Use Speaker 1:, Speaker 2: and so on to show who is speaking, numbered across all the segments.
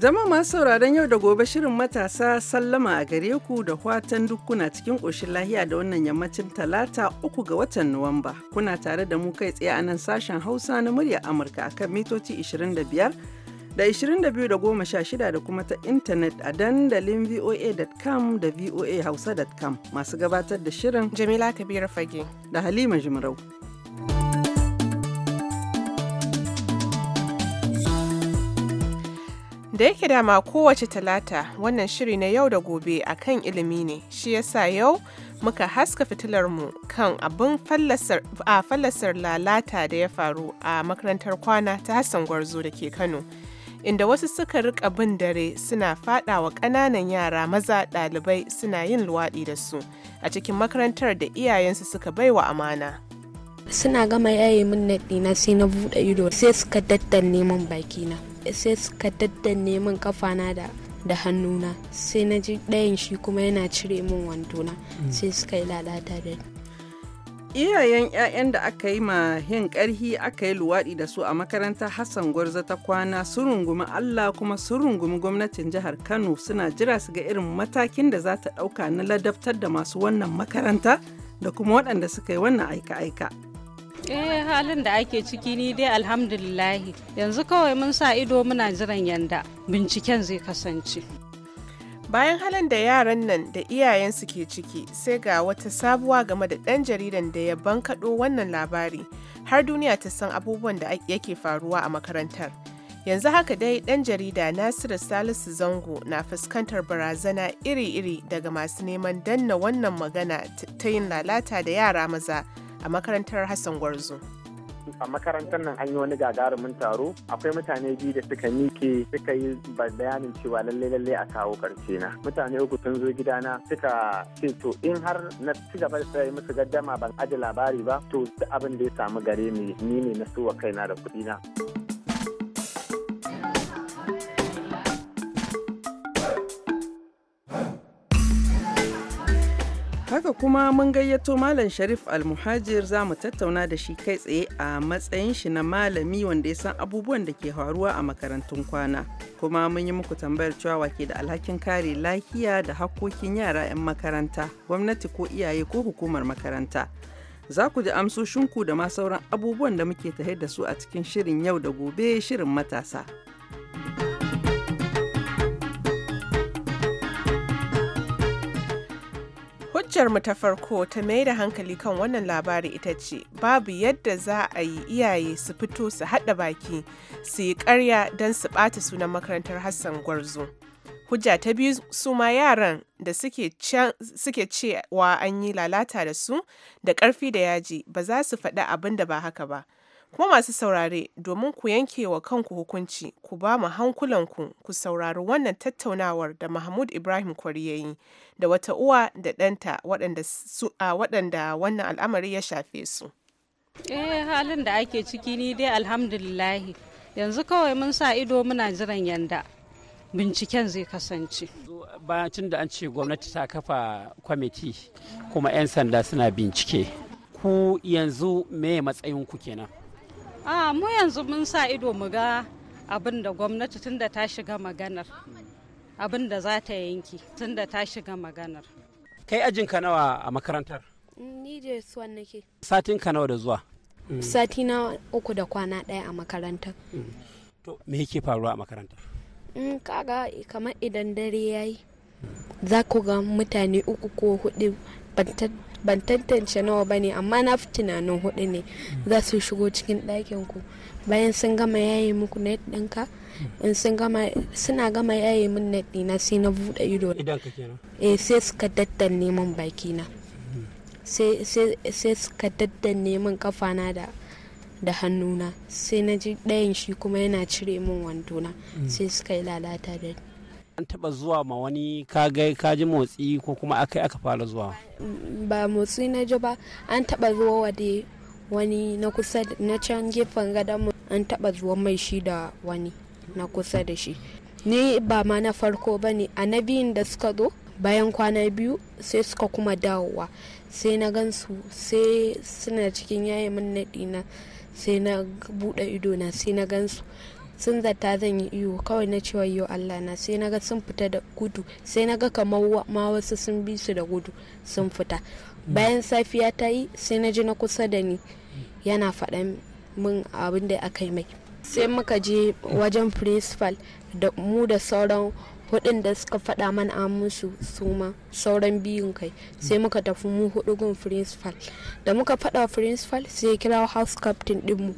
Speaker 1: Zama masu sauraron yau da gobe shirin matasa sallama a gare ku da watan duk kuna cikin ƙoshin lahiya da wannan yammacin talata uku ga watan Nuwamba. Kuna tare da mu kai tsaye a nan sashen Hausa na muryar Amurka akan mitoci 25 da 22 da goma sha shida da kuma ta intanet a dandalin voa.com da voahausa.com masu gabatar da shirin Jamila Kabiru Fage da Halima Jimarau.
Speaker 2: Da yake dama kowace talata wannan shiri na yau da gobe a kan ilimi ne, shi yasa yau muka haska fitilar mu kan abin fallasar lalata da ya faru a makarantar kwana ta Hassan Gwarzo da ke Kano. Inda wasu suka rika bin dare suna fadawa ƙananan yara maza ɗalibai suna yin luwaɗi da su a cikin makarantar da iyayensu suka baiwa amana.
Speaker 3: Suna gama yaye min na sai na buɗe ido sai suka daddanne min bakina. sai suka daddanne min kafana da da hannuna sai na ji ɗayan shi kuma yana cire min wandona mm. sai suka yi lalata da
Speaker 1: iyayen 'ya'yan da aka yi ma yin ƙarhi aka yi luwaɗi da su a makarantar hassan gwarza ta kwana sun rungumi allah kuma sun rungumi gwamnatin jihar kano suna jira su ga irin matakin da za ta ɗauka na ladabtar da masu wannan makaranta da kuma waɗanda suka yi wannan aika-aika
Speaker 3: Eh halin da ake ciki ni dai alhamdulillahi yanzu kawai mun sa ido muna jiran yanda binciken zai kasance.
Speaker 2: Bayan halin da yaran nan da iyayensu ke ciki sai ga wata sabuwa game da ɗan jaridan da ya bankaɗo wannan labari har duniya ta san abubuwan da yake faruwa a makarantar. Yanzu haka dai ɗan jarida Nasiru Salisu Zango na fuskantar barazana iri-iri daga masu neman danna wannan magana ta yin lalata da yara maza. a makarantar Hassan Gwarzo.
Speaker 4: a makarantar nan an yi wani gagarumin taro akwai mutane biyu da suka mike suka yi bayanin cewa lalle lalle a kawo karshe na mutane uku sun zo gidana suka ce to in har na ci gaba da sai musu gaddama ban aji labari ba to abin da ya samu gare ni ni ne na so wa kaina da kuɗi na.
Speaker 1: Haka kuma mun gayyato Malam Sharif Almuhajir za mu tattauna da shi kai tsaye a matsayin shi na malami wanda ya san abubuwan da ke faruwa a makarantun kwana. Kuma mun yi muku tambayar cewa wake da alhakin kare lafiya da hakkokin yara 'yan makaranta, gwamnati ko iyaye ko hukumar makaranta. Za ku ji amsoshinku da ma sauran abubuwan da muke tahe da su a cikin shirin yau da gobe shirin matasa.
Speaker 2: mu ta farko ta mai da hankali kan wannan labari ita ce babu yadda za a yi iyaye su fito su haɗa baki su yi ƙarya don su ɓata sunan makarantar Hassan Gwarzo. Hujja ta biyu su ma yaran da suke cewa an yi lalata da su da ƙarfi da yaji ba za su faɗi abin da ba haka ba. Kuma masu saurare, domin ku yanke wa kanku hukunci, ku ba mu hankulanku ku saurari wannan tattaunawar da Mahmud Ibrahim Kwari yi da wata uwa da ɗanta waɗanda wannan al'amari ya shafe su.
Speaker 3: Eh halin da ake ciki ni dai alhamdulillahi yanzu kawai mun sa ido muna jiran yanda binciken zai kasance.
Speaker 5: Bayan da an ce gwamnati ta kafa kwamiti kuma 'yan sanda suna bincike. Ku yanzu me matsayin ku kenan?
Speaker 3: a mu yanzu mun sa ido mu ga abin da gwamnati tun da ta shiga maganar abin da za ta yanki tun da ta shiga maganar kai
Speaker 5: ajin ka nawa a makarantar
Speaker 3: ni da suwan nake
Speaker 5: satin ka nawa da zuwa mm.
Speaker 3: sati na uku da kwana ɗaya a makarantar mm.
Speaker 5: to me yake faruwa a makarantar
Speaker 3: mm, kaga kamar idan dare yayi za ku ga mutane uku ko hudu ban tantance nawa ba ne amma na fi tunanin hudu ne za su shigo cikin ɗakin ku bayan sun gama yaye muku net ɗinka in sun gama suna gama yaye min net ɗina sai na buɗe ido eh sai suka daddan min baki na sai suka daddan neman min na da da hannuna sai na ji ɗayan shi kuma yana cire min wandona mm. sai suka yi lalata da ni
Speaker 5: an taba zuwa ma wani ka kaji motsi ko kuma akai aka fara zuwa
Speaker 3: ba motsi na ji ba an taba zuwa wade wani na kusa na can gefen gadon an taba zuwa mai shi da wani na kusa da shi ni ba ma na farko ba ne a na biyun da suka zo bayan kwana biyu sai suka kuma dawowa sai na gansu sai suna cikin yaye min naɗi na sai na buɗe ido na sai na gansu sun zata zan yi iyo kawai na cewa yo Allah na sai naga sun fita da gudu sai naga kamar ma wasu sun bi su da gudu sun fita bayan safiya ta yi sai na ji na kusa da ni yana faɗa min abin da aka yi mai sai muka je wajen principal da mu da sauran waɗanda suka faɗa mana a musu suma sauran biyun kai sai muka tafi mu hudu gun principal da muka faɗa principal sai kira house captain dinmu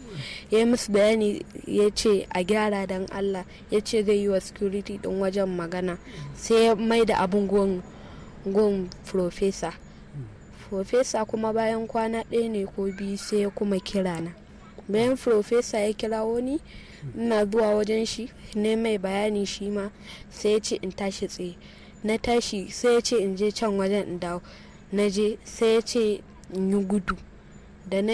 Speaker 3: ya yi musu bayani ya ce a gyara don allah ya ce zai yi wa security din wajen magana sai mai da abin gun professor profesa kuma bayan kwana ɗaya ne ko biyu sai ya kuma na bayan profesa ya kirawo ni ina zuwa wajen shi ne mai bayani shi ma sai ya ce in tashi tsaye na tashi sai ya ce in je can wajen in dawo na je sai ya ce in yi gudu da na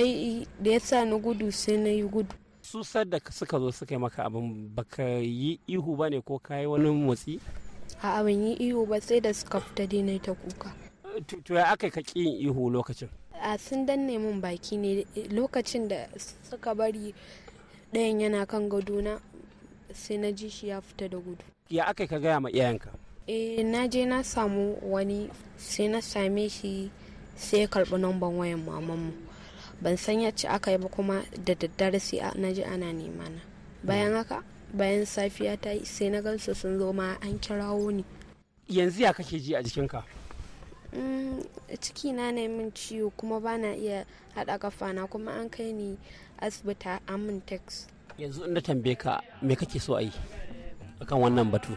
Speaker 3: da ya sa na gudu sai na yi gudu
Speaker 5: su da suka zo suka yi maka abin baka yi ihu ba ne ko ka yi wani motsi
Speaker 3: a abin yi ihu ba sai da suka fita dai ta kuka
Speaker 5: to ya aka ka ihu lokacin
Speaker 3: a sun danne mun baki ne lokacin da suka bari ɗayan yana kan gadona sai na ji shi ya fita da gudu
Speaker 5: ya aka ka gaya ma iyayenka
Speaker 3: eh na je na samu wani sai na same shi sai ya karɓi namban wayan mamanmu ban san ci aka yi ba kuma da daddare sai na ji ana nema na bayan haka bayan safiya ta yi sai na gansu sun zo ma an kirawo ni yanzu ya kake ji a jikinka mm, ciki na min ciwo kuma bana iya haɗa kafana kuma an kai ni asibita amintex yanzu
Speaker 5: inda tambaye ka me kake so a yi akan
Speaker 3: wannan batu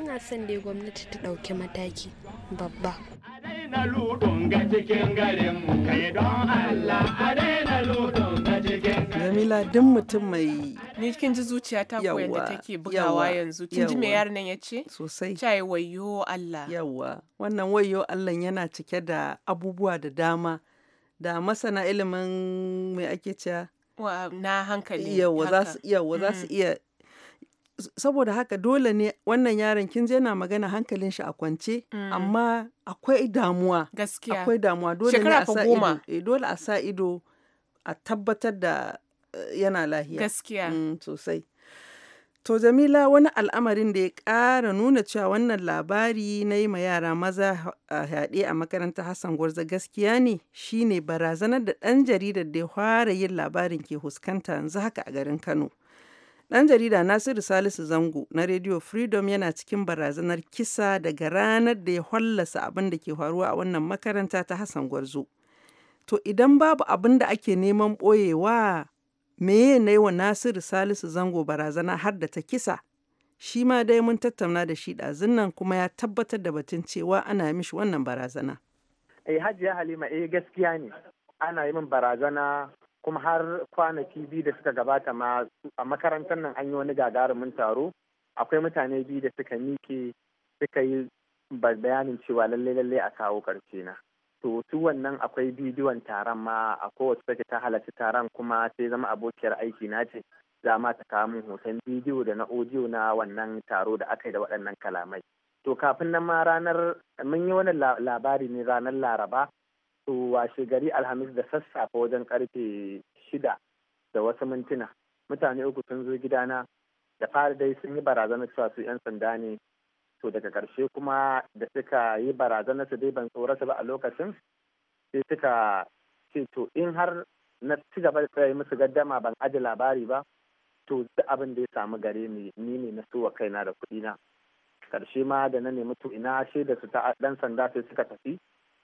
Speaker 3: ina son dai gwamnati ta ɗauki mataki babba
Speaker 2: daina lutun ga cikin garin kai don Allah a daina lutun
Speaker 1: ga cikin Jamila duk mutum mai
Speaker 2: ni kin ji ta koyar da take bugawa yanzu kin ji me yaron nan yace sosai cai wayo Allah yawa wannan wayo Allah
Speaker 1: yana cike da abubuwa da dama da masana ilimin mai ake cewa
Speaker 2: na hankali yawa za su za
Speaker 1: mm. su iya saboda haka dole ne wannan yaron kin je na magana hankalin shi a kwance mm. amma akwai damuwa gaskiya akwai damuwa dole ne a sa ido eh, dole a sa ido a tabbatar da eh, yana lahiya gaskiya mm, sosai To Jamila wani al'amarin da ya ƙara nuna cewa wannan labari na yi ma yara maza haɗe a makarantar Hassan Gwarza gaskiya ne shine barazanar da ɗan jaridar da ya fara yin labarin ke huskanta yanzu haka a garin Kano. Ɗan jarida Nasiru Salisu Zango na Radio Freedom yana cikin barazanar kisa daga ranar da ya hollasa abin da ke faruwa a wannan makaranta ta Hassan Gwarzo. To idan babu abin da ake neman ɓoyewa meye na yi wa Nasiru Salisu Zango barazana har da ta kisa? Shi ma dai mun tattauna da shi ɗazun nan kuma ya tabbatar da batun cewa ana mishi wannan barazana.
Speaker 4: Eh Hajiya Halima eh gaskiya ne. Ana yi min barazana kuma har kwanaki biyu da suka gabata ma a makarantar nan an yi wani gagarumin taro akwai mutane biyu da suka miƙe suka yi bayanin cewa lalle lalle a kawo ƙarshe na. to su wannan akwai bidiyon taron ma a kowace take ta halarci taron kuma sai zama abokiyar aiki na ce za ma ta kawo min hoton bidiyo da na audio na wannan taro da aka yi da waɗannan kalamai to kafin nan ma ranar mun yi wani labari ne ranar laraba to washe gari alhamis da sassafe wajen karfe shida da wasu mintuna mutane uku sun zo gidana da fara dai sun yi barazanar cewa su 'yan sanda ne to daga karshe kuma da suka yi barazanar su dai ban tsorata ba a lokacin sai suka ce to in har na ci gaba da tsaye musu gaddama ban aji labari ba to duk abin da ya samu gare ni ni ne na wa kaina da kuɗi na? karshe ma da na nemi to ina shaida su ta dan sanda sai suka tafi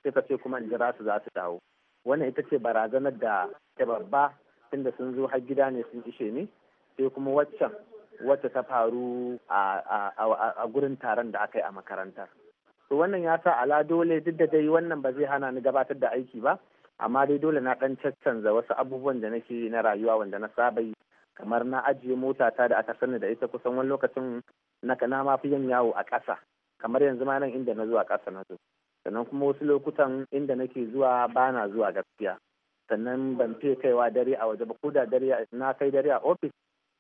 Speaker 4: Sai ka ce kuma in jira su za su dawo wannan ita ce barazanar da ta babba tunda sun zo har gida ne sun ishe ni sai kuma waccan wacce ta faru a gurin taron da aka yi a makarantar to wannan ya sa ala dole duk da dai wannan ba zai hana ni gabatar da aiki ba amma dai dole na dan canza wasu abubuwan da nake na rayuwa wanda na saba yi kamar na ajiye mota ta da aka sani da ita kusan wani lokacin na kana ma fi yin yawo a ƙasa kamar yanzu ma nan inda na zuwa ƙasa na zo sannan kuma wasu lokutan inda nake zuwa ba na zuwa gaskiya sannan ban fiye kaiwa dare a waje ba ko da dare na kai dare a ofis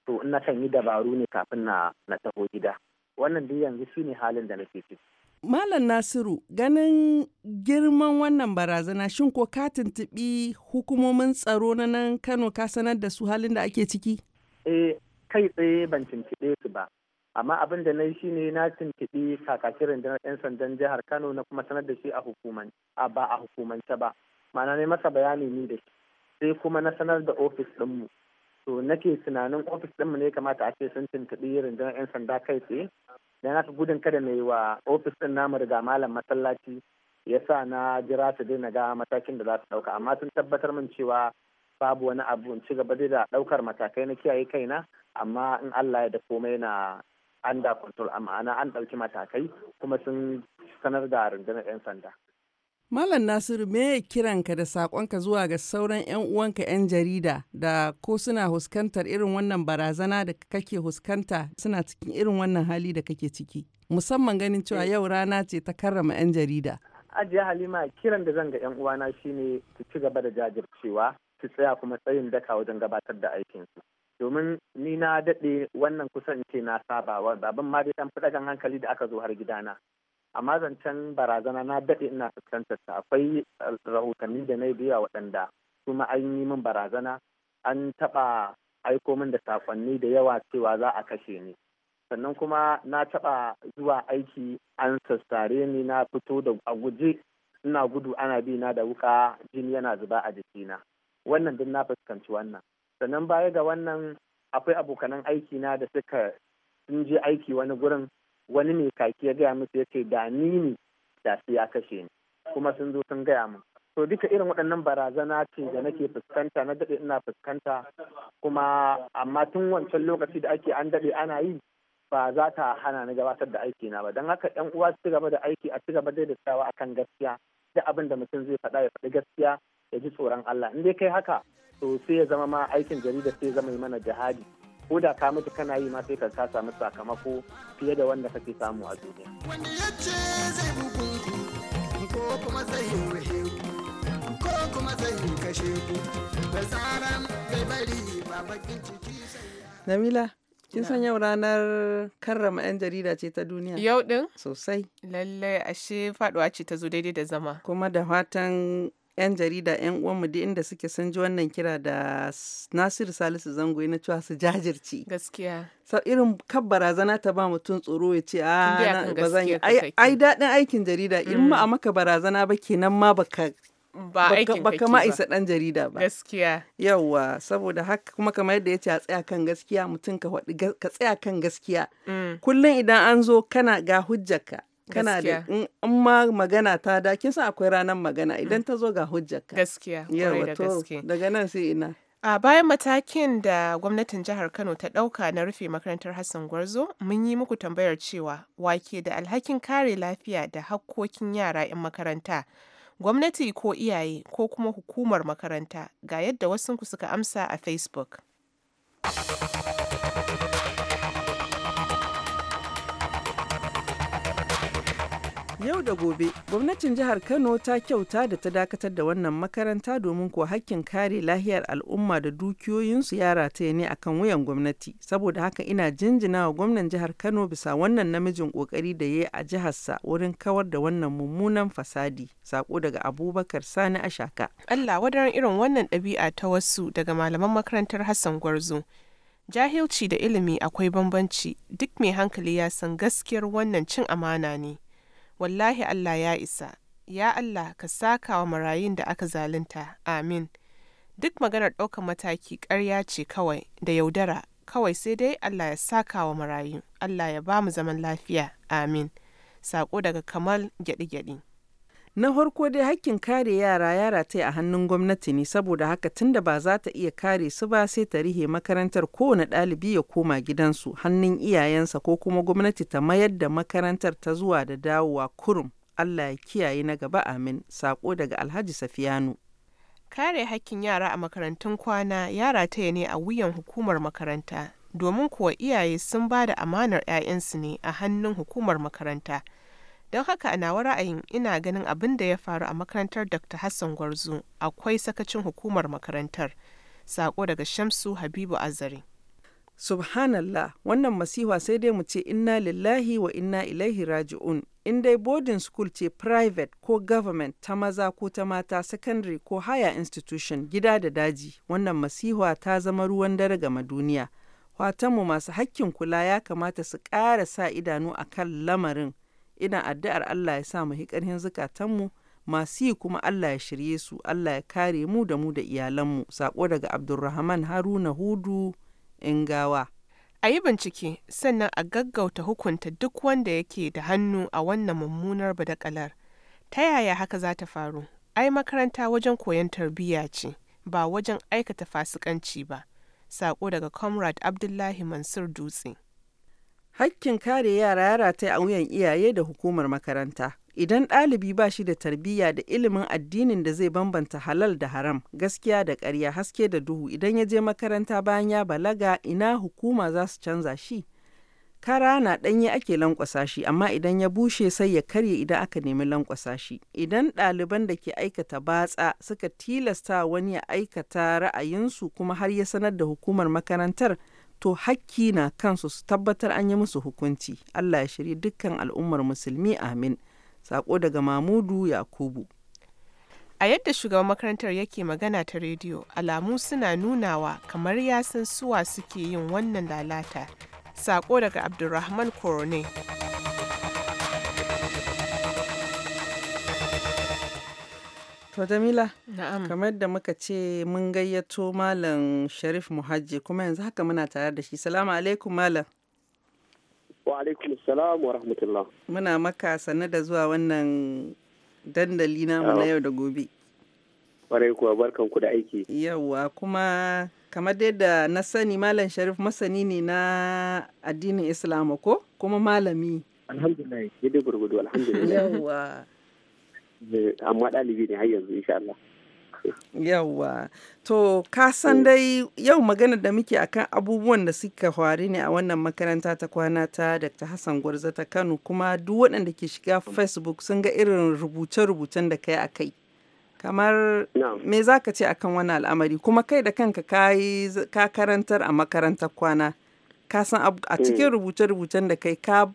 Speaker 4: to in kan yi dabaru ne kafin na na taho gida wannan duk yanzu shine halin da nake ciki
Speaker 1: Malam Nasiru ganin girman wannan barazana shin ko ka tuntubi hukumomin tsaro na nan Kano ka sanar da su halin da ake ciki?
Speaker 4: Eh kai tsaye ban tuntube su ba amma abin da na yi shine na tuntuɓi kakakin rundunar 'yan sandan jihar Kano na kuma sanar da shi a hukuman a ba a hukumance ba ma'ana ne masa bayani ni da shi sai kuma na sanar da ofis ɗinmu to nake tunanin ofis ɗinmu ne kamata a ce sun tuntuɓi rundunar 'yan sanda kai tsaye don haka gudun kada mai wa ofis ɗin namu riga malam masallaci ya sa na jira su daina ga matakin da za su ɗauka amma sun tabbatar min cewa babu wani abu in ci gaba da ɗaukar matakai na kiyaye kaina amma in Allah ya da komai na under control amma ana an ɗauki matakai kuma sun sanar da rundunar 'yan sanda.
Speaker 1: Malam Nasiru me kiranka da saƙonka zuwa ga sauran 'yan uwanka 'yan jarida da ko suna huskantar irin wannan barazana da kake huskanta suna cikin irin wannan hali da kake ciki musamman ganin cewa eh. yau rana ce ta karrama 'yan jarida.
Speaker 4: Ajiya Halima kiran da zan ga 'yan uwana shine su ci gaba da jajircewa su tsaya kuma tsayin daka wajen gabatar da aikin su Domin ni na daɗe wannan kusance na saba baban ma dai dan hankali da aka zo har gidana. a zancen barazana na daɗe ina fuskantar ta akwai rahotanni da na biya waɗanda kuma an yi min barazana an taɓa aiko min da sakonni da yawa cewa za a kashe ni sannan kuma na taɓa zuwa aiki an sassare ni na fito da a guje ina gudu ana bi na da wuka jini yana zuba a jikina wannan duk na fuskanci wannan sannan baya ga wannan akwai abokanan aiki na da suka sun je aiki wani gurin wani mai kaki ya gaya musu ya ce da ni ne da su ya kashe ni kuma sun zo sun gaya mun. to duka irin waɗannan barazana ce da nake fuskanta na daɗe ina fuskanta kuma amma tun wancan lokaci da ake an daɗe ana yi ba za ta hana ni gabatar da aiki na ba don haka ƴan uwa su gaba da aiki a ci gaba da dattawa akan gaskiya da abin da mutum zai faɗa ya faɗi gaskiya ya ji tsoron Allah in dai kai haka to sai ya zama ma aikin jarida sai ya zama mana jihadi ko da ka mutu kana yi ma sai ka sami samu sakamako fiye da wanda kake samu a duniya wanda ya ce
Speaker 5: zai bugun ko
Speaker 1: kuma zai yi ko kuma zai kashe ku da tsaran
Speaker 2: ba bakin ciki
Speaker 1: Namila Kin san yau ranar karrama 'yan jarida ce ta duniya? Yau ɗin? Sosai.
Speaker 2: Lallai ashe faɗuwa ce ta zo daidai da zama.
Speaker 1: Kuma da fatan 'yan jarida 'yan uwanmu duk inda suke sun ji wannan kira da nasiru salisu zango na cewa su jajirce
Speaker 2: gaskiya
Speaker 1: sau irin kan barazana ta ba mutum tsoro ya ce ah, a ba zan yi ai daɗin aikin jarida in ma a mm. maka barazana ba kenan ma baka
Speaker 2: ba aikin ba kama isa
Speaker 1: dan jarida ba gaskiya yawa saboda haka kuma kamar yadda yace a tsaya kan gaskiya mutum ka ka tsaya kan gaskiya mm. kullum idan an zo kana ga hujjarka kana da in ma magana ta da kin san akwai
Speaker 2: ranar magana mm. idan ta zo ga ka
Speaker 1: gaskiya yawa to daga nan sai ina
Speaker 2: a bayan matakin da gwamnatin jihar kano ta ɗauka na rufe makarantar hassan gwarzo mun yi muku tambayar cewa wake da alhakin kare lafiya da hakkokin yara 'yan makaranta gwamnati ko iyaye ko kuma hukumar makaranta ga yadda wasunku suka amsa a facebook
Speaker 1: Yau da gobe, gwamnatin jihar Kano ta kyauta da ta dakatar da wannan makaranta domin kuwa hakkin kare lahiyar al'umma da dukiyoyinsu ya rataye ne kan wuyan gwamnati. Saboda haka ina jinjina wa gwamnan jihar Kano bisa wannan namijin kokari da ya yi a jiharsa wurin kawar da wannan mummunan fasadi.
Speaker 2: Sako daga Abubakar Sani Ashaka. Allah wadaran irin wannan ɗabi'a ta wasu daga malaman makarantar Hassan Gwarzo. Jahilci da ilimi akwai bambanci, duk mai hankali ya san gaskiyar wannan cin amana ne. wallahi Allah ya isa, ya Allah ka saka wa marayun da aka zalunta, amin. Duk maganar ɗaukar mataki ƙarya ce kawai da yaudara, kawai sai dai Allah ya saka wa marayu, Allah ya ba mu zaman lafiya, amin. Sako daga Kamal gyaɗi-gyaɗi. Na
Speaker 1: farko dai hakkin kare yara ya rataye a hannun gwamnati ne saboda haka tunda ba za ta iya kare su ba sai ta rihe makarantar kowane ɗalibi ya koma gidansu hannun iyayensa ko kuma gwamnati ta mayar da makarantar ta zuwa da dawowa kurum. Allah ya kiyaye na gaba amin
Speaker 2: sako daga Alhaji Safiyanu. Kare hakkin yara a makarantun kwana ya rataya ne a wuyan hukumar makaranta domin kuwa iyaye sun ba da amanar 'ya'yansu ne a hannun hukumar makaranta. Don haka a nawa ra'ayin ina ganin abin da ya faru a makarantar Dr. Hassan Gwarzo akwai sakacin hukumar makarantar. Sako daga Shamsu Habibu Azari. Subhanallah, wannan masiha sai dai mu ce inna
Speaker 1: lillahi wa inna ilaihi raji'un. In dai boarding school ce private ko government ta maza ko ta mata secondary ko higher institution gida da daji, wannan masiha ta zama ruwan dare ga duniya. Watanmu masu hakkin kula ya kamata su ƙara sa idanu a kan lamarin ina addu'ar Allah ya sa mu hi ƙarhin zukatanmu masu yi kuma Allah ya shirye su Allah ya kare mu da mu da iyalanmu sako daga Abdulrahman
Speaker 2: Haruna Hudu Ingawa a yi bincike sannan a gaggauta hukunta duk wanda yake da hannu a wannan mummunar badakalar ta yaya haka za ta faru ai makaranta wajen koyon tarbiyya ce ba wajen aikata fasikanci ba sako daga comrade abdullahi mansur dutse Hakkin
Speaker 1: kare yara ya rataya a wuyan iyaye da hukumar makaranta. Idan ɗalibi ba shi da tarbiyya da ilimin addinin da zai bambanta halal da haram, gaskiya da ƙarya, haske da duhu, idan ya je makaranta bayan ya balaga, ina hukuma za su canza shi? Kara na ɗanye ake lankwasa shi, amma idan ya bushe sai ya karye idan aka nemi lankwasa shi. Idan ɗaliban da ke aikata batsa suka tilasta wani ya aikata ra'ayinsu kuma har ya sanar da hukumar makarantar, to hakki na kansu su tabbatar an yi musu hukunci Allah ya shiri dukkan al'ummar musulmi amin sako daga mamudu yakubu
Speaker 2: a yadda shugaban makarantar yake magana ta rediyo alamu suna nunawa kamar ya san suwa suke yin wannan lalata sako daga abdulrahman korone.
Speaker 1: To Jamila, kamar da muka ce mun gayyato Malam Sharif Muhajji kuma yanzu haka muna tare da shi. Salamu alaikum Malam.
Speaker 4: Wa alaikum salam wa rahmatullah.
Speaker 1: Muna maka sannu da zuwa wannan dandali namu na yau
Speaker 4: da gobe. Wa kuwa barkan ku da aiki. Yawwa
Speaker 1: kuma kamar yadda na sani Malam Sharif masani ne na addinin Islam ko kuma malami.
Speaker 4: Alhamdulillah, yadda gurgudu alhamdulillah. Yawwa. Eh, amma ɗalibi ne har yanzu insha Allah
Speaker 1: yawwa to ka san eh. dai yau magana da muke akan abubuwan da suka faru ne a wannan makaranta ta kwana ta dr hassan gwarza ta kano kuma duk waɗanda ke shiga mm. facebook sun ga irin rubuce-rubucen da kai a kai kamar me za ka ce akan wani al'amari kuma kai da kanka ka karantar a makarantar kwana ka san a cikin eh. rubuce-rubucen da kai ka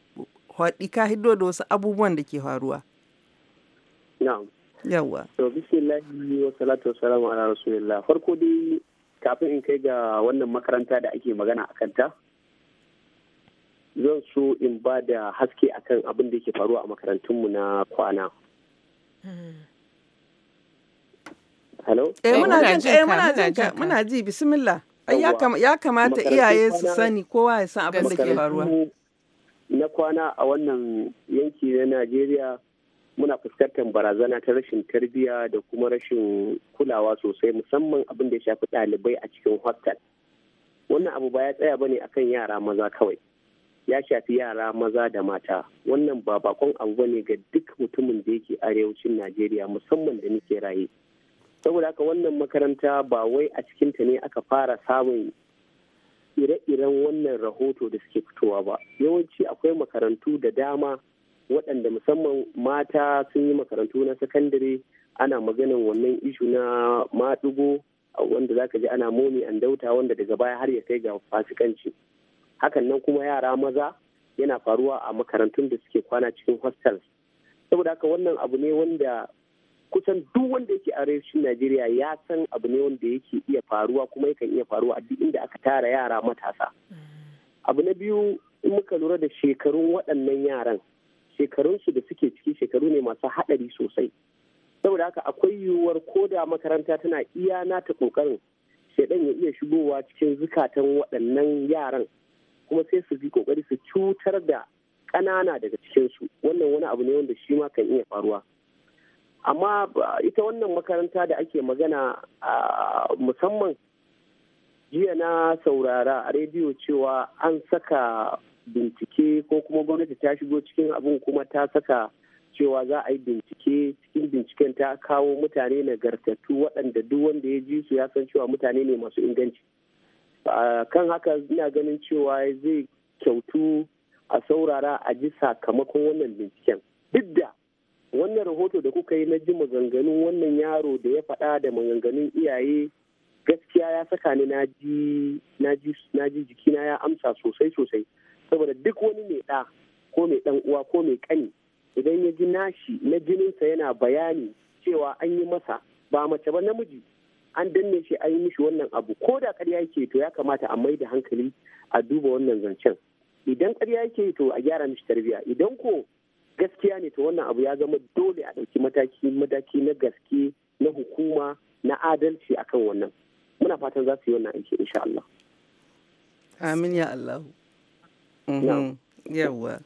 Speaker 1: haɗi ka hiddo da wasu abubuwan da ke faruwa na'am yawa to
Speaker 4: bismillahi wa salatu wa salamu ala rasulillah farko dai kafin in kai ga wannan makaranta da ake magana a kanta zan so in ba da haske akan abin da yake faruwa a makarantunmu na kwana Hello? Eh muna jin eh muna jin
Speaker 1: ka muna ji bismillah. Ya kamata iyaye su sani kowa ya san abin da ke faruwa.
Speaker 4: Na kwana a wannan yanki na Najeriya muna fuskantar barazana ta rashin tarbiyya da kuma rashin kulawa sosai musamman abin da ya shafi ɗalibai a cikin hostel wannan abu ba ya tsaya bane akan yara maza kawai ya shafi yara maza da mata wannan ba bakon abu bane ga duk mutumin da yake arewacin najeriya musamman da nake raye saboda haka wannan makaranta ba wai a cikinta ne aka fara samun ire-iren wannan rahoto da suke fitowa ba yawanci akwai makarantu da dama waɗanda musamman mata sun yi makarantu na sakandare ana maganin wannan ishu na maɗigo wanda za ka ji ana momi an dauta wanda daga baya har ya kai ga fasikanci hakan nan kuma yara maza yana faruwa a makarantun da suke kwana cikin hostels saboda haka wannan abu ne wanda kusan duk wanda yake arewacin najeriya ya san abu ne wanda yake iya faruwa kuma yakan iya faruwa a duk inda aka tara yara matasa mm. abu na biyu in muka lura da shekarun waɗannan yaran shekarunsu da suke ciki shekaru ne masu haɗari sosai saboda haka akwai yiwuwar ko da makaranta tana iya nata ƙoƙarin shaidan ya iya shigowa cikin zukatan waɗannan yaran kuma sai su bi ƙoƙari su cutar da ƙanana daga cikinsu wannan wani abu ne wanda shi ma kan iya faruwa amma ita wannan makaranta da ake magana musamman jiya na saurara a rediyo cewa an saka bincike ko kuma gwamnati ta shigo cikin abin kuma ta saka cewa za a yi bincike cikin binciken ta kawo mutane nagartattu waɗanda duk wanda ya ji su ya san cewa mutane ne masu inganci kan haka ina ganin cewa zai kyautu a saurara a ji sakamakon wannan binciken duk da wannan rahoto da kuka yi na ji maganganun wannan yaro da ya faɗa da maganganun iyaye gaskiya ya saka ni na ji jikina ya amsa sosai sosai saboda duk wani mai ɗa ko mai ɗan uwa ko mai ƙani idan ya ji nashi na jininsa yana bayani cewa an yi masa ba mace ba namiji an danne shi an yi mishi wannan abu ko da ƙarya yake to ya kamata a mai da hankali a duba wannan zancen idan ƙarya yake to a gyara mishi tarbiyya idan ko gaskiya ne to wannan abu ya zama dole a ɗauki mataki mataki na gaske na hukuma na adalci akan wannan muna fatan za su yi wannan aiki insha Allah
Speaker 2: amin ya Allah
Speaker 1: Mm. Yawwa.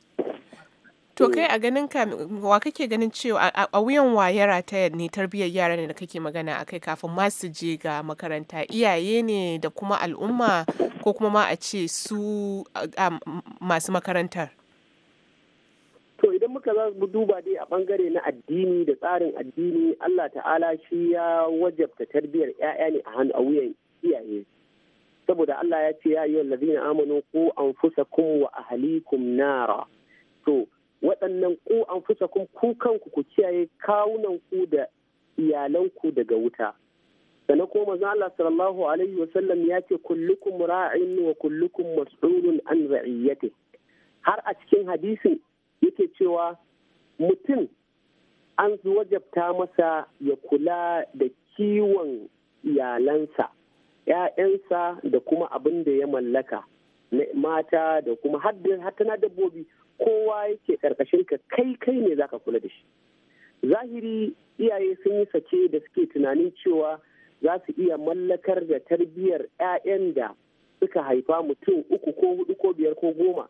Speaker 2: To kai a ganin ka wa kake ganin cewa a wuyan wayara ta ne tarbiyyar yara da kake magana akai kafin ma su je ga makaranta iyaye ne da kuma al'umma ko kuma ma a ce su masu makarantar.
Speaker 4: To idan muka za mu duba dai a bangare na addini da tsarin addini Allah ta'ala shi ya wajabta tarbiyyar 'ya'ya ne a wuyan iyaye saboda Allah ya ce ya wa ladina amanu ku kun wa ahlikum nara to waɗannan ku kun ku kanku ku kiyaye kawunan ku da iyalanku daga wuta sannan kuma manzon Allah sallallahu alaihi wa sallam ya ce kullukum ra'in wa kullukum mas'ulun an ra'iyyati har a cikin hadisin yake cewa mutum an wajabta masa ya kula da kiwon iyalansa 'ya'yansa da kuma abin da ya mallaka mata da kuma na dabbobi kowa yake karkashin ka kai kai ne zaka kula da shi zahiri iyaye sun yi sake da suke tunanin cewa za su iya mallakar da tarbiyyar 'ya'yan da suka haifa mutum uku ko hudu ko biyar ko goma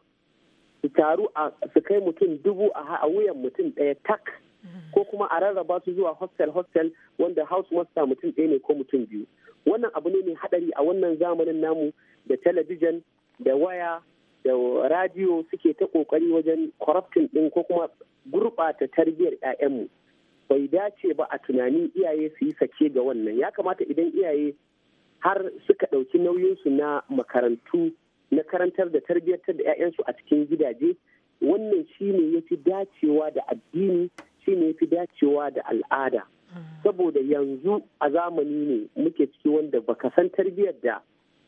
Speaker 4: su taru su kai mutum dubu a wuyan mutum ɗaya tak ko kuma a rarraba su zuwa hostel hostel wanda house master mutum ɗaya ne ko mutum biyu wannan abu ne mai haɗari a wannan zamanin namu da talabijin da waya da radiyo suke ta ƙoƙari wajen corrupting ɗin ko kuma gurɓata tarbiyyar 'ya'yanmu bai dace ba a tunani iyaye su yi sake ga wannan ya kamata idan iyaye har suka ɗauki nauyinsu na makarantu na karantar da tarbiyyar da 'ya'yansu a cikin gidaje wannan shine ya fi dacewa da addini shine ya fi dacewa da al'ada saboda yanzu a zamani ne muke ciki wanda baka san tarbiyyar da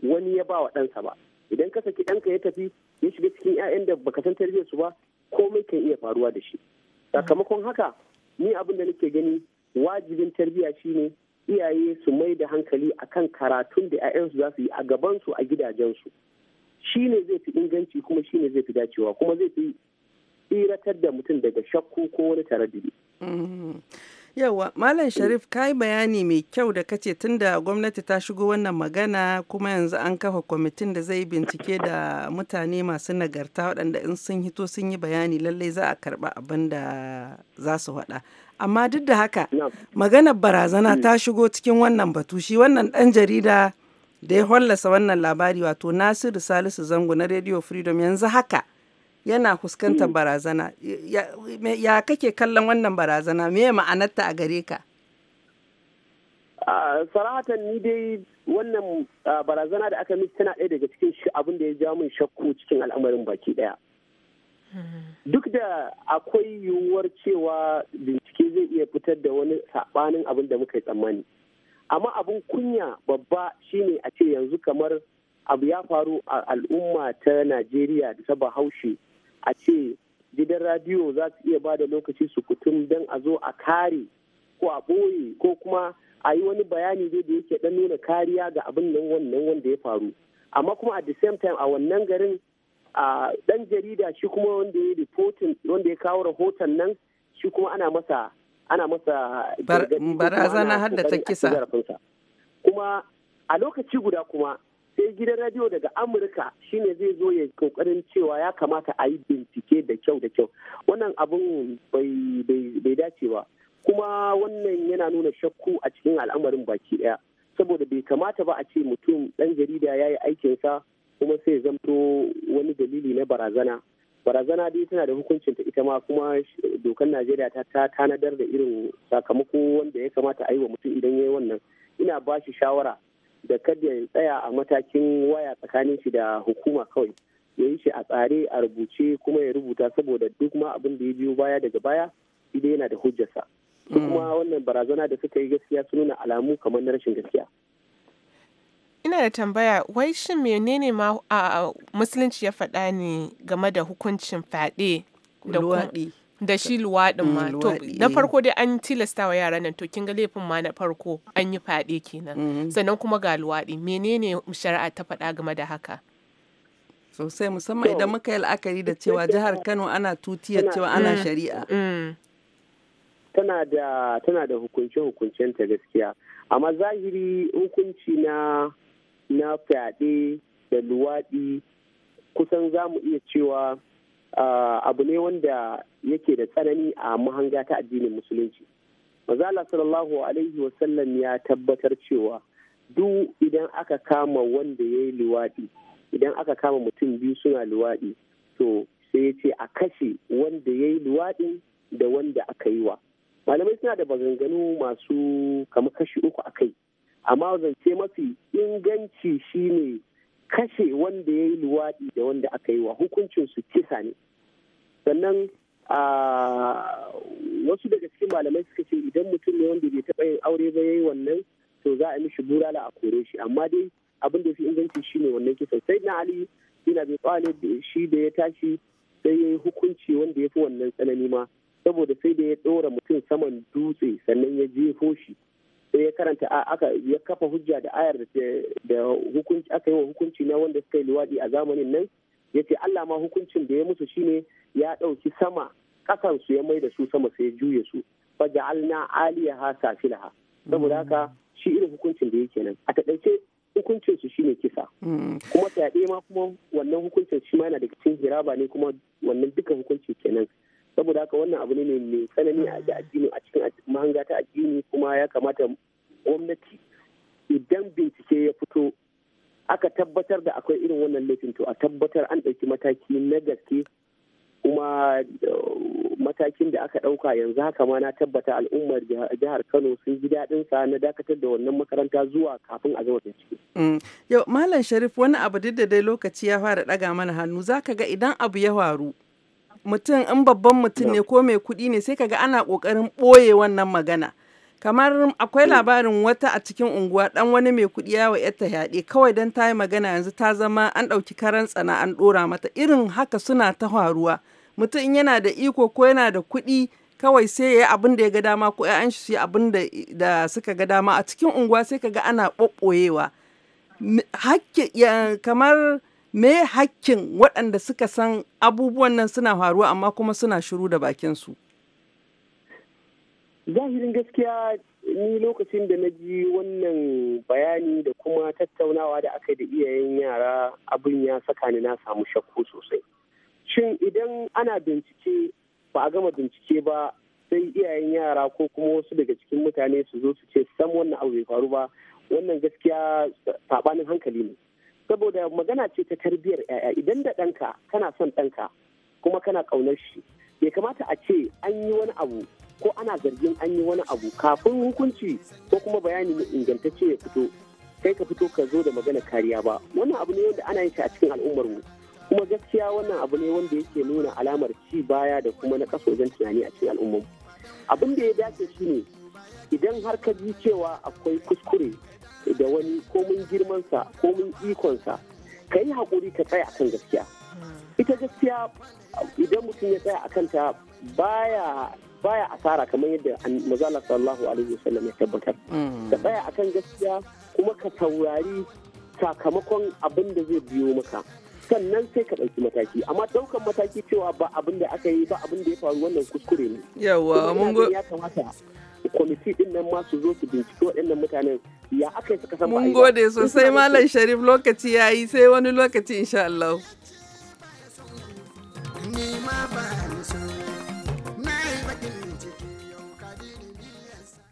Speaker 4: wani ya ba wa ɗansa ba idan ka saki ɗanka ya tafi ya shiga cikin 'ya'yan da baka san tarbiyyar su ba komai kan iya faruwa da shi sakamakon haka ni abin da nake gani wajibin tarbiyya shine iyaye su mai da hankali akan karatun da 'ya'yansu za su yi a gabansu a gidajensu shi ne zai fi inganci kuma shine zai fi dacewa kuma zai fi tsiratar da mutum daga shakku ko wani taraddudi. Mm-hmm.
Speaker 1: Yawa, Malam eh. Sharif ka yi bayani mai kyau da kace tunda gwamnati ta shigo wannan magana kuma yanzu an kafa kwamitin da zai bincike da mutane masu nagarta waɗanda in sun hito sun yi bayani lallai za a karɓa abin da za su haɗa Amma duk da haka, maganar barazana mm. ta shigo cikin wannan batu shi wannan ɗan jarida da ya hollasa wannan labari wato Nasiru Salisu Zango na Radio Freedom yanzu haka. yana fuskantar barazana ya kake kallon wannan barazana me ma'anarta a gare ka
Speaker 4: sarahatan ni dai wannan barazana da aka miki tana ɗaya daga cikin abin da ya ja min shakku cikin al'amarin baki ɗaya duk da akwai yiwuwar cewa bincike zai iya fitar da wani saɓanin abin da muka yi tsammani amma abin kunya babba shine a ce yanzu kamar abu ya faru a al'umma ta najeriya da ta bahaushe a ce gidan radiyo za su iya ba da lokaci su kutum don a zo a kare ko a ɓoye ko kuma a yi wani bayani dai da yake dan nuna kariya ga abin nan wannan wanda ya faru amma kuma at the same time a wannan garin a dan jarida shi kuma wanda ya reporting wanda ya kawo rahoton nan shi kuma ana masa ana masa barazana har da ta kisa kuma a lokaci guda kuma sai gidan radio daga amurka shine zai zo ya kokarin cewa ya kamata a yi bincike da kyau da kyau wannan abun bai dace ba kuma wannan yana nuna shakku a cikin al'amarin baki daya saboda bai kamata ba a ce mutum dan jarida ya yi aikinsa kuma sai zamto wani dalili na barazana barazana dai tana da hukuncin ta ita ma kuma dokar najeriya ta tanadar da irin sakamako wanda ya kamata a yi wa mutum idan ya yi wannan ina ba shi shawara da kada ya tsaya a matakin waya tsakanin shi da hukuma kawai ya yi shi a tsare a rubuce kuma ya rubuta saboda duk ma abin da ya biyo baya daga baya idan yana da hujjarsa kuma mm. wannan barazana da suka yi gaskiya sun nuna alamu kamar na rashin gaskiya
Speaker 2: ina da tambaya wai shin menene ma a musulunci ya faɗa ne game da hukuncin fade da luwaɗi da shi luwaɗin ma mm, to na farko dai an tilasta wa yara nan to kin ga laifin ma na farko an yi fyaɗe kenan mm-hmm. sannan kuma ga luwaɗi menene shari'a ta faɗa game da haka
Speaker 1: sosai musamman idan muka yi la'akari da cewa jihar Kano ana tutiyar cewa ana mm. shari'a
Speaker 4: mm. tana da tana da hukunce hukuncen ta gaskiya amma zahiri hukunci na na fyaɗe da luwaɗi kusan za mu iya cewa Ah, abu ne wanda yake da tsanani a mahanga ta addinin musulunci mazala sallallahu alaihi wasallam ya tabbatar cewa duk idan aka kama wanda ya yi luwaɗi idan aka kama mutum biyu suna luwaɗi to sai ya ce a kashe wanda ya yi luwaɗi da wanda aka yi wa malamai suna da maganganu masu kama kashi uku a kai amma zance mafi inganci shine kashe wanda ya yi luwaɗi da wanda aka yi wa hukuncinsu kisa ne sannan a wasu daga cikin malamai suka ce idan mutum ne wanda bai taɓa yin aure ba ya yi wannan to za a mishi burala a kore shi amma dai abin da fi inganci shi ne wannan kisan sai na ali yana bai tsawale shi da ya tashi sai ya yi hukunci wanda ya fi wannan tsanani ma saboda sai da ya ɗora mutum saman dutse sannan ya jefo shi sai ya karanta aka ya kafa hujja da ayar da hukunci aka yi wa hukunci na wanda suka yi luwaɗi a zamanin nan ya ce Allah ma hukuncin da ya musu shine ya ɗauki sama su ya mai da su sama sai ya juye su fa ja'alna aliyaha safilaha saboda haka shi irin hukuncin da yake nan a taƙaice hukuncin su shine kisa
Speaker 3: mm. kuma
Speaker 4: fyaɗe ma kuma wannan hukuncin shi ma yana da cikin hiraba ne kuma wannan duka hukunci kenan saboda haka wannan abu ne mai tsanani a addini a cikin mahanga ta addini kuma ya kamata gwamnati idan bincike ya fito aka tabbatar da akwai irin wannan laifin to a tabbatar an ɗauki mataki na gaske kuma uh, matakin da aka ɗauka yanzu haka ma na tabbata al'ummar jihar kano sun ji daɗin sa na dakatar da wannan makaranta zuwa kafin a zama bincike. Mm. yau malam
Speaker 1: sharif wani abu duk da dai lokaci ya fara ɗaga mana hannu za ka ga idan abu ya faru mutum in babban mutum ne ko mai kuɗi ne sai ka ga ana ƙoƙarin ɓoye wannan magana. kamar akwai labarin wata a cikin unguwa dan wani mai kuɗi yawa yarta yaɗe kawai dan ta yi magana yanzu ta zama an ɗauki karan tsana an ɗora mata irin haka suna ta faruwa mutum in yana da iko ko yana da kuɗi kawai sai ya yi abin da ya ga dama ko ya shi yi abin da suka ga dama a cikin unguwa sai ka ga ana ɓoɓɓoyewa kamar me hakkin waɗanda suka san abubuwan nan suna faruwa amma kuma suna shiru da bakin su.
Speaker 4: zahirin gaskiya ni lokacin da na ji wannan bayani da kuma tattaunawa da aka da iyayen yara abin ya saka ni na samu shakku sosai shin idan ana bincike ba a gama bincike ba sai iyayen yara ko kuma wasu daga cikin mutane su zo su ce sam wannan abu bai faru ba wannan gaskiya sabanin hankali ne saboda magana ce ta tarbiyyar 'ya'ya idan da ɗanka kana son ɗanka kuma kana ƙaunar shi bai kamata a ce an yi wani abu ko ana zargin an yi wani abu kafin hukunci ko kuma bayani mai ingantacce ya fito sai ka fito ka zo da magana kariya ba wannan abu ne wanda ana yin shi a cikin al'ummar mu kuma gaskiya wannan abu ne wanda yake nuna alamar ci baya da kuma na kaso wajen tunani a cikin al'ummar mu abin da ya dace shine idan har ka ji cewa akwai kuskure da wani ko mun girmansa ko mun ikonsa ka yi haƙuri ka tsaya akan gaskiya hmm. ita gaskiya idan mutum ya tsaya akan ta baya baya asara kamar yadda mazala sallallahu alaihi wasallam ya tabbatar mm. ka tsaya akan gaskiya kuma ka taurari sakamakon abin da zai biyo maka sannan sai ka ɗauki mataki amma ɗaukan mataki cewa ba abin da aka yi ba abin da ya faru wannan kuskure ne yawa mun go ya kamata kwamiti din nan ma su zo su binciki waɗannan mutanen ya aka yi suka san mun gode sosai malam
Speaker 1: sharif lokaci ya yi sai wani lokaci insha Allah.
Speaker 5: Ni ma ba
Speaker 3: ni